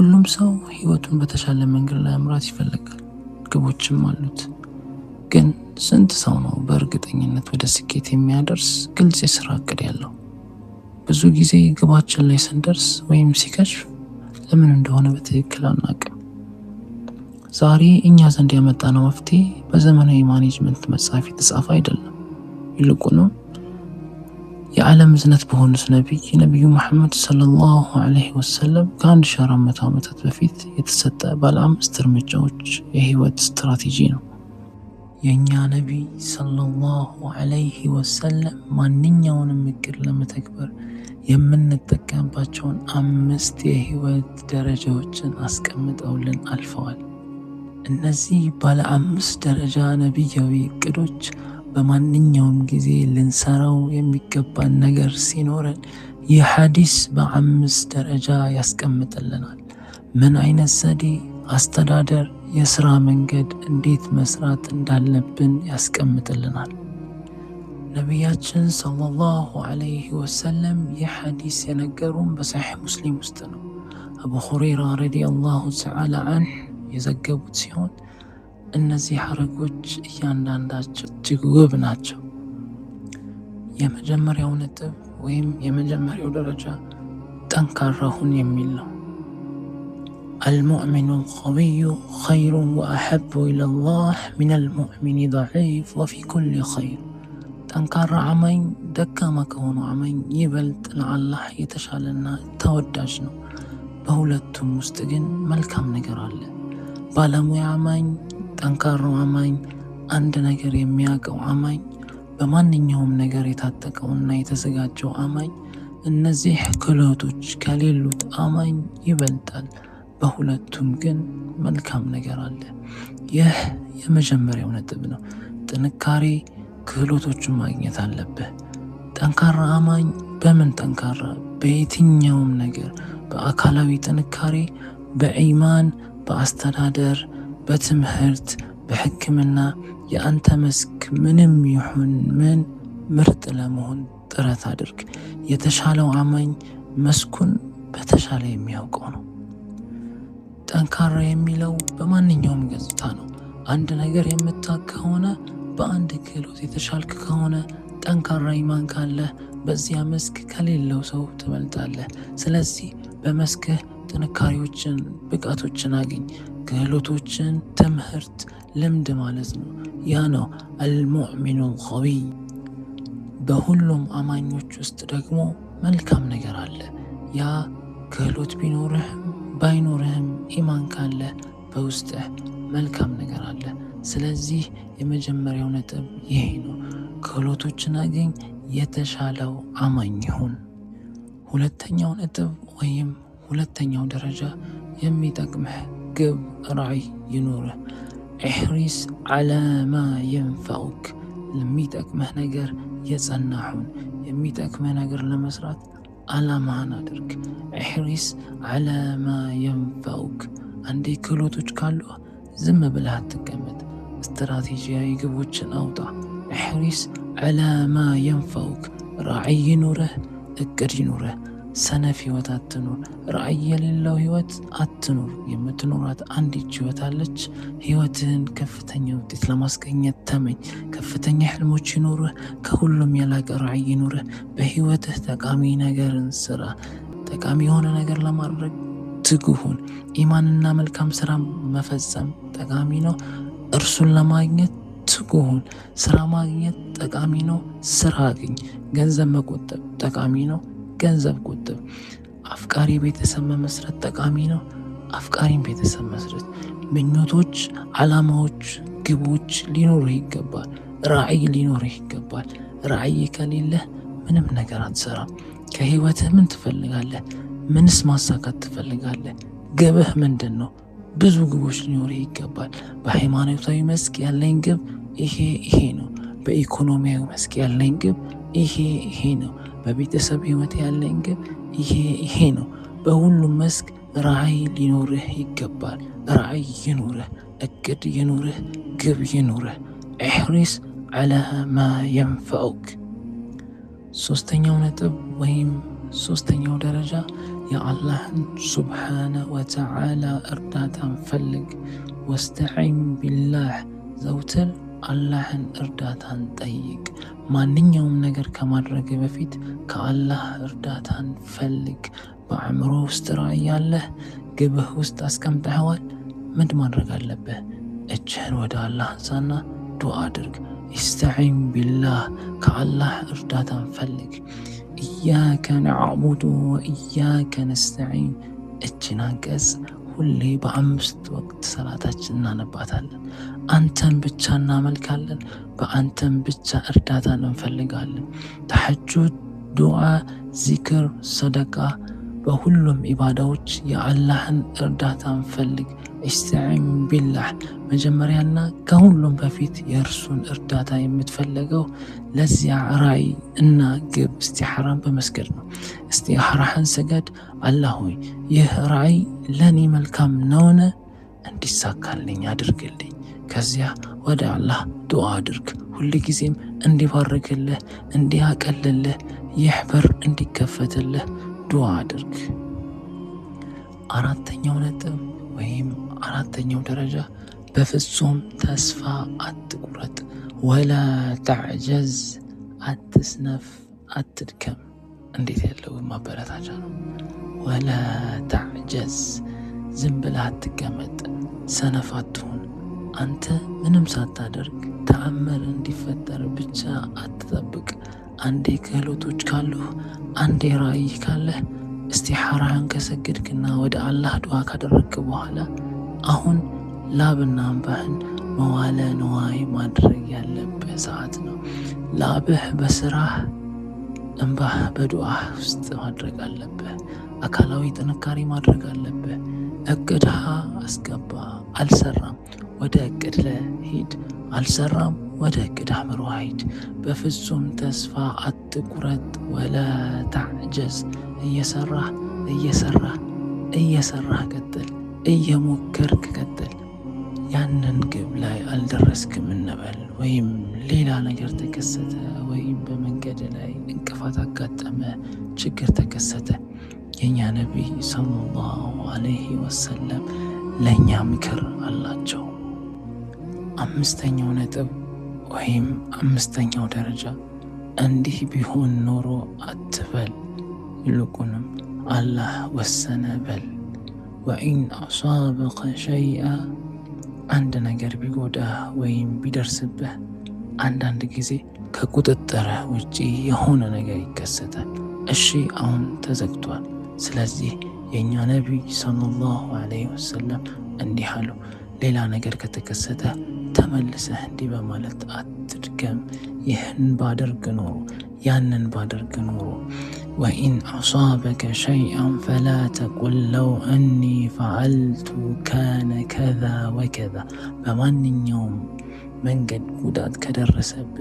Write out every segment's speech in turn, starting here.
ሁሉም ሰው ህይወቱን በተሻለ መንገድ ለመምራት ይፈልጋል፣ ግቦችም አሉት። ግን ስንት ሰው ነው በእርግጠኝነት ወደ ስኬት የሚያደርስ ግልጽ የስራ እቅድ ያለው? ብዙ ጊዜ ግባችን ላይ ስንደርስ ወይም ሲከሽፍ ለምን እንደሆነ በትክክል አናውቅም። ዛሬ እኛ ዘንድ ያመጣነው መፍትሄ በዘመናዊ ማኔጅመንት መጽሐፍ የተጻፈ አይደለም። ይልቁንም የዓለም እዝነት በሆኑት ነቢይ ነቢዩ መሐመድ ሰለላሁ ዓለይሂ ወሰለም ከ1400 ዓመታት በፊት የተሰጠ ባለ አምስት እርምጃዎች የህይወት ስትራቴጂ ነው። የእኛ ነቢይ ሰለላሁ ዓለይሂ ወሰለም ማንኛውንም እቅድ ለመተግበር የምንጠቀምባቸውን አምስት የህይወት ደረጃዎችን አስቀምጠውልን አልፈዋል። እነዚህ ባለ አምስት ደረጃ ነቢያዊ እቅዶች በማንኛውም ጊዜ ልንሰራው የሚገባን ነገር ሲኖረን ይህ ሐዲስ በአምስት ደረጃ ያስቀምጥልናል። ምን አይነት ዘዴ፣ አስተዳደር፣ የሥራ መንገድ እንዴት መስራት እንዳለብን ያስቀምጥልናል። ነቢያችን ሰለላሁ ዐለይሂ ወሰለም ይህ ሐዲስ የነገሩን በሰሒሕ ሙስሊም ውስጥ ነው። አቡ ሁረይራ ረዲየላሁ ተዓላ አንሁ የዘገቡት ሲሆን እነዚህ ሐረጎች እያንዳንዳቸው እጅግ ውብ ናቸው። የመጀመሪያው ነጥብ ወይም የመጀመሪያው ደረጃ ጠንካራ ሁን የሚል ነው። አልሙእሚኑ ቀዊዩ ኸይሩን ወአሐቡ ኢለላህ ሚነል ሙእሚኒ ደዒፍ ወፊ ኩሊ ኸይር። ጠንካራ አማኝ ደካማ ከሆኑ አማኝ ይበልጥ ለአላህ የተሻለና ተወዳጅ ነው። በሁለቱም ውስጥ ግን መልካም ነገር አለ። ባለሙያ አማኝ ጠንካራው አማኝ፣ አንድ ነገር የሚያውቀው አማኝ፣ በማንኛውም ነገር የታጠቀውና የተዘጋጀው አማኝ እነዚህ ክህሎቶች ከሌሉት አማኝ ይበልጣል። በሁለቱም ግን መልካም ነገር አለ። ይህ የመጀመሪያው ነጥብ ነው። ጥንካሬ ክህሎቶቹን ማግኘት አለብህ። ጠንካራ አማኝ በምን ጠንካራ? በየትኛውም ነገር፣ በአካላዊ ጥንካሬ፣ በኢማን፣ በአስተዳደር በትምህርት በሕክምና የአንተ መስክ ምንም ይሁን ምን ምርጥ ለመሆን ጥረት አድርግ። የተሻለው አማኝ መስኩን በተሻለ የሚያውቀው ነው። ጠንካራ የሚለው በማንኛውም ገጽታ ነው። አንድ ነገር የምታውቅ ከሆነ በአንድ ክህሎት የተሻልክ ከሆነ ጠንካራ ኢማን ካለህ በዚያ መስክ ከሌለው ሰው ትበልጣለህ። ስለዚህ በመስክህ ጥንካሬዎችን፣ ብቃቶችን አግኝ። ክህሎቶችን ትምህርት፣ ልምድ ማለት ነው። ያ ነው አልሙዕሚኑ ቀዊይ። በሁሉም አማኞች ውስጥ ደግሞ መልካም ነገር አለ። ያ ክህሎት ቢኖርህም ባይኖርህም ኢማን ካለ በውስጥህ መልካም ነገር አለ። ስለዚህ የመጀመሪያው ነጥብ ይሄ ነው። ክህሎቶችን አገኝ፣ የተሻለው አማኝ ይሁን። ሁለተኛው ነጥብ ወይም ሁለተኛው ደረጃ የሚጠቅምህ ግብ ራዕይ ይኑረ። እሕሪስ ዓላማ የንፈዑክ ለሚጠቅመህ ነገር የጸናሁን የሚጠቅመህ ነገር ለመስራት ዓላማህን አድርግ። እሕሪስ ዓላማ የንፈዑክ። አንዴ ክህሎቶች ካሉ ዝም ብለህ አትቀመጥ። ስትራቴጂያዊ ግቦችን አውጣ። እሕሪስ ዓላማ የንፈዑክ። ራዕይ ይኑረህ፣ እቅድ ይኑረህ። ሰነፍ ህይወት አትኑር። ራዕይ የሌለው ህይወት አትኑር። የምትኖራት አንዲት ህይወት አለች። ህይወትህን ከፍተኛ ውጤት ለማስገኘት ተመኝ። ከፍተኛ ህልሞች ይኑርህ። ከሁሉም የላቀ ራዕይ ይኑርህ። በህይወትህ ጠቃሚ ነገርን ስራ። ጠቃሚ የሆነ ነገር ለማድረግ ትጉሁን። ኢማንና መልካም ስራ መፈጸም ጠቃሚ ነው። እርሱን ለማግኘት ትጉሁን። ስራ ማግኘት ጠቃሚ ነው። ስራ አግኝ። ገንዘብ መቆጠብ ጠቃሚ ነው። ገንዘብ ቁጥብ፣ አፍቃሪ ቤተሰብ መመስረት ጠቃሚ ነው። አፍቃሪም ቤተሰብ መስረት። ምኞቶች፣ አላማዎች፣ ግቦች ሊኖርህ ይገባል። ራዕይ ሊኖርህ ይገባል። ራዕይ ከሌለህ ምንም ነገር አትሰራም። ከህይወትህ ምን ትፈልጋለህ? ምንስ ማሳካት ትፈልጋለህ? ግብህ ምንድን ነው? ብዙ ግቦች ሊኖርህ ይገባል። በሃይማኖታዊ መስክ ያለኝ ግብ ይሄ ይሄ ነው። በኢኮኖሚያዊ መስክ ያለኝ ግብ ይሄ ይሄ ነው። በቤተሰብ ህይወት ያለኝ ግብ ይሄ ይሄ ነው። በሁሉም መስክ ራዕይ ሊኖርህ ይገባል። ራዕይ ይኑርህ፣ እቅድ ይኑርህ፣ ግብ ይኑርህ። ኢሕሪስ ዐላ ማ የንፈዑክ። ሶስተኛው ነጥብ ወይም ሶስተኛው ደረጃ የአላህን ሱብሓነ ወተዓላ እርዳታን ፈልግ። ወስተዒን ቢላህ ዘውትር አላህን እርዳታን ጠይቅ። ማንኛውም ነገር ከማድረግ በፊት ከአላህ እርዳታን ፈልግ። በአእምሮ ውስጥ ራዕይ ያለህ ግብህ ውስጥ አስቀምጠኸዋል። ምንድ ማድረግ አለብህ? እጅህን ወደ አላህ አንሳና ዱዓ አድርግ። ኢስተዒን ቢላህ፣ ከአላህ እርዳታን ፈልግ። እያከ ነዕቡዱ ወእያከ ነስተዒን እችን አንቀጽ ሁሌ በአምስት ወቅት ሰላታችን እናነባታለን። አንተን ብቻ እናመልካለን፣ በአንተን ብቻ እርዳታን እንፈልጋለን። ተሐጁድ፣ ዱዓ፣ ዚክር፣ ሰደቃ በሁሉም ኢባዳዎች የአላህን እርዳታ እንፈልግ። ኢስተዒን ቢላህ መጀመሪያና ከሁሉም በፊት የእርሱን እርዳታ የምትፈለገው ለዚያ ራይ እና ግብ እስቲሐራን በመስገድ ነው። እስቲሐራህን ስገድ። አላህ ሆይ ይህ ራእይ ለእኔ መልካም ነውን? እንዲሳካልኝ አድርግልኝ። ከዚያ ወደ አላህ ዱዓ አድርግ። ሁል ጊዜም እንዲባርክልህ፣ እንዲያቀልልህ፣ ይህ በር እንዲከፈትልህ ዱዓ አድርግ። አራተኛው ነጥብ ወይም አራተኛው ደረጃ በፍጹም ተስፋ አትቁረጥ። ወላ ተዕጀዝ፣ አትስነፍ፣ አትድከም። እንዴት ያለው ማበረታቻ ነው! ወላ ተዕጀዝ፣ ዝም ብለህ አትቀመጥ፣ ሰነፍ አትሁን። አንተ ምንም ሳታደርግ ተአምር እንዲፈጠር ብቻ አትጠብቅ። አንዴ ክህሎቶች ካሉ አንዴ ራእይ ካለህ፣ እስቲሓራህን ከሰገድክና ወደ አላህ ድዋ ካደረግክ በኋላ አሁን ላብና እንባህን መዋለ ንዋይ ማድረግ ያለብህ ሰዓት ነው። ላብህ በስራህ እንባህ በዱዓህ ውስጥ ማድረግ አለብህ። አካላዊ ጥንካሬ ማድረግ አለብህ። እቅድሃ አስገባ አልሰራም። ወደ እቅድ ለሂድ አልሰራም። ወደ እቅድ አምሮ ሂድ። በፍጹም ተስፋ አትቁረጥ፣ ወላ ታዕጀዝ። እየሰራህ እየሰራህ እየሰራህ ቀጥል፣ እየሞከርክ ቀጥል። ያንን ግብ ላይ አልደረስክም እንበል፣ ወይም ሌላ ነገር ተከሰተ፣ ወይም በመንገድ ላይ እንቅፋት አጋጠመ፣ ችግር ተከሰተ። የእኛ ነቢይ ሰለላሁ አለይሂ ወሰለም ለእኛ ምክር አላቸው። አምስተኛው ነጥብ ወይም አምስተኛው ደረጃ እንዲህ ቢሆን ኖሮ አትበል፣ ይልቁንም አላህ ወሰነ በል። ወኢን አሳበከ ሸይአ አንድ ነገር ቢጎዳህ ወይም ቢደርስብህ አንዳንድ ጊዜ ከቁጥጥርህ ውጪ የሆነ ነገር ይከሰታል። እሺ አሁን ተዘግቷል፣ ስለዚህ የእኛ ነቢይ ሰለላሁ ዐለይሂ ወሰለም እንዲህ አሉ፣ ሌላ ነገር ከተከሰተ ተመልሰህ እንዲህ በማለት አትድገም። ይህን ባደርግ ኖሮ ያንን ባደርግ ኖሮ ወኢን አሳበከ ሸይአን ፈላ ተቁል ለው እኒ ፈዐልቱ ካነ ከዛ ወከዛ። በማንኛውም መንገድ ጉዳት ከደረሰብ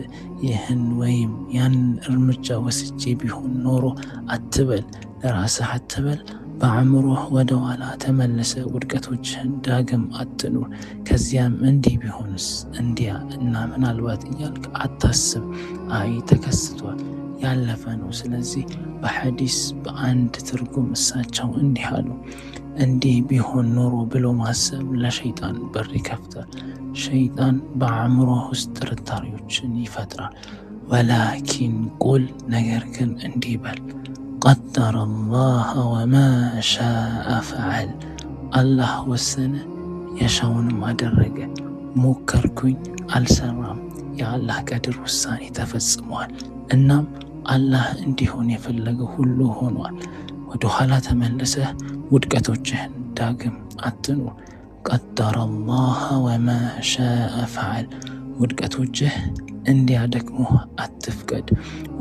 ይህን ወይም ያንን እርምጃ ወስጄ ቢሆን ኖሮ አትበል፣ ለራስህ አትበል በአእምሮህ ወደ ኋላ ተመለሰ ውድቀቶችህን ዳግም አትኑር። ከዚያም እንዲህ ቢሆንስ እንዲያ እና ምናልባት እያልክ አታስብ። አይ ተከስቷል፣ ያለፈ ነው። ስለዚህ በሐዲስ በአንድ ትርጉም እሳቸው እንዲህ አሉ፣ እንዲህ ቢሆን ኖሮ ብሎ ማሰብ ለሸይጣን በር ይከፍታል። ሸይጣን በአእምሮህ ውስጥ ጥርጣሬዎችን ይፈጥራል። ወላኪን ቁል ነገር ግን እንዲህ በል ቀጠረ አላህ ወማ ሻአ ፈዐል። አላህ ወሰነ የሻውንም አደረገ። ሞከርኩኝ አልሰራም፣ የአላህ ቀድር ውሳኔ ተፈጽሟል። እናም አላህ እንዲሆን የፈለገ ሁሉ ሆኗል። ወደ ኋላ ተመልሰህ ውድቀቶችህን ዳግም አትኑ ቀጠረ አላህ ወማ ሻአ ፈዐል። ውድቀቶችህ እንዲያደክሙ አትፍቀድ።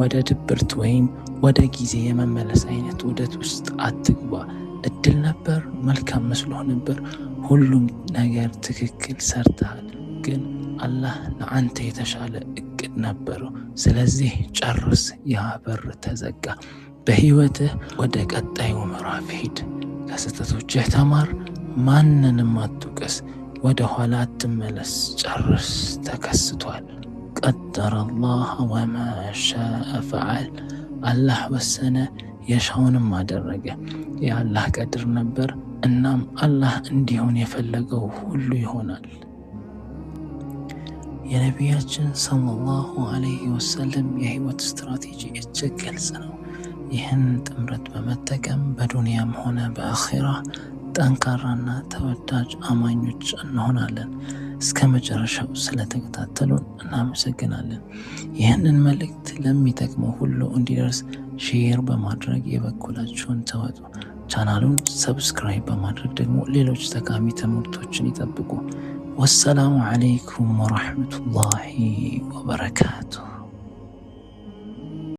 ወደ ድብርት ወይም ወደ ጊዜ የመመለስ አይነት ውደት ውስጥ አትግባ። እድል ነበር፣ መልካም መስሎ ነበር፣ ሁሉም ነገር ትክክል ሰርተሃል። ግን አላህ ለአንተ የተሻለ እቅድ ነበረው። ስለዚህ ጨርስ። ያ በር ተዘጋ። በህይወትህ ወደ ቀጣዩ ምዕራፍ ሂድ። ከስህተቶችህ ተማር። ማንንም አትውቀስ። ወደ ኋላ አትመለስ። ጨርስ። ተከስቷል። ቀደረ አላህ ወማ ሻአ ፈዓል። አላህ ወሰነ የሻውንም አደረገ። የአላህ ቀድር ነበር። እናም አላህ እንዲሆን የፈለገው ሁሉ ይሆናል። የነቢያችን ሰለላሁ አለይህ ወሰለም የህይወት ስትራቴጂ እጅግ ግልጽ ነው። ይህን ጥምረት በመጠቀም በዱንያም ሆነ በአኼራ ጠንካራና ተወዳጅ አማኞች እንሆናለን። እስከ መጨረሻው ስለተከታተሉን እናመሰግናለን። ይህንን መልእክት ለሚጠቅመው ሁሉ እንዲደርስ ሼር በማድረግ የበኩላችሁን ተወጡ። ቻናሉን ሰብስክራይብ በማድረግ ደግሞ ሌሎች ጠቃሚ ትምህርቶችን ይጠብቁ። ወሰላሙ ዓለይኩም ወረሕመቱላሂ ወበረካቱ።